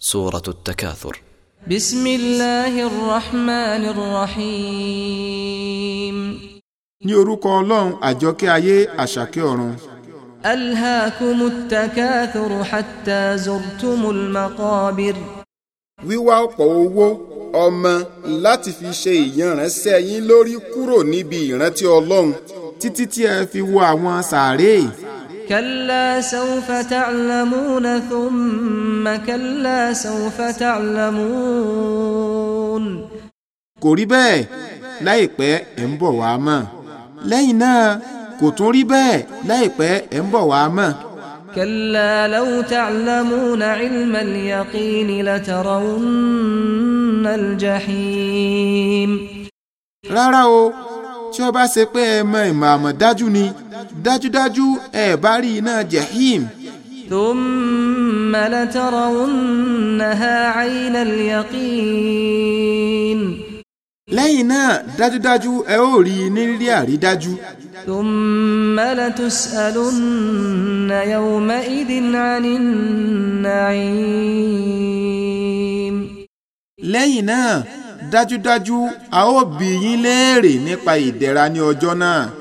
سورة التكاثر بسم الله الرحمن الرحيم ní orúkọ ọlọ́run àjọkẹ́ ayé àṣàkẹ́ ọ̀run. alhaakumu takathuru hatta zurtumul maqabir. wíwá ọ̀pọ̀ owó ọmọ láti fi ṣe ìyanránṣẹ́ yín lórí kúrò níbi ìrántí ọlọ́run títí tí ẹ fi wo àwọn sàárè. كلا سوف تعلمون ثم كلا سوف تعلمون kò rí bẹ́ẹ̀ láìpẹ́ ẹ̀ ń bọ̀ wá mọ̀ lẹ́yìn náà kò tún rí bẹ́ẹ̀ láìpẹ́ ẹ̀ ń bọ̀ wá mọ̀. كلا لو تعلمون علم اليقين لترون الجحيم. rárá o tí ó bá ṣe pé ẹ mọ ìmọ̀ àmọ̀dájú ni dájúdájú ẹ bá rí iná jahim. ثم لترونها عين اليقين lẹ́yìn náà dájúdájú ẹ ó rí i ní rírí àrídájú. thumma latus'alunna yawma'idhin 'anin na'im. lẹ́yìn náà dájúdájú a ó bi yín léèrè nípa ìdẹ̀ra ní ọjọ́ náà.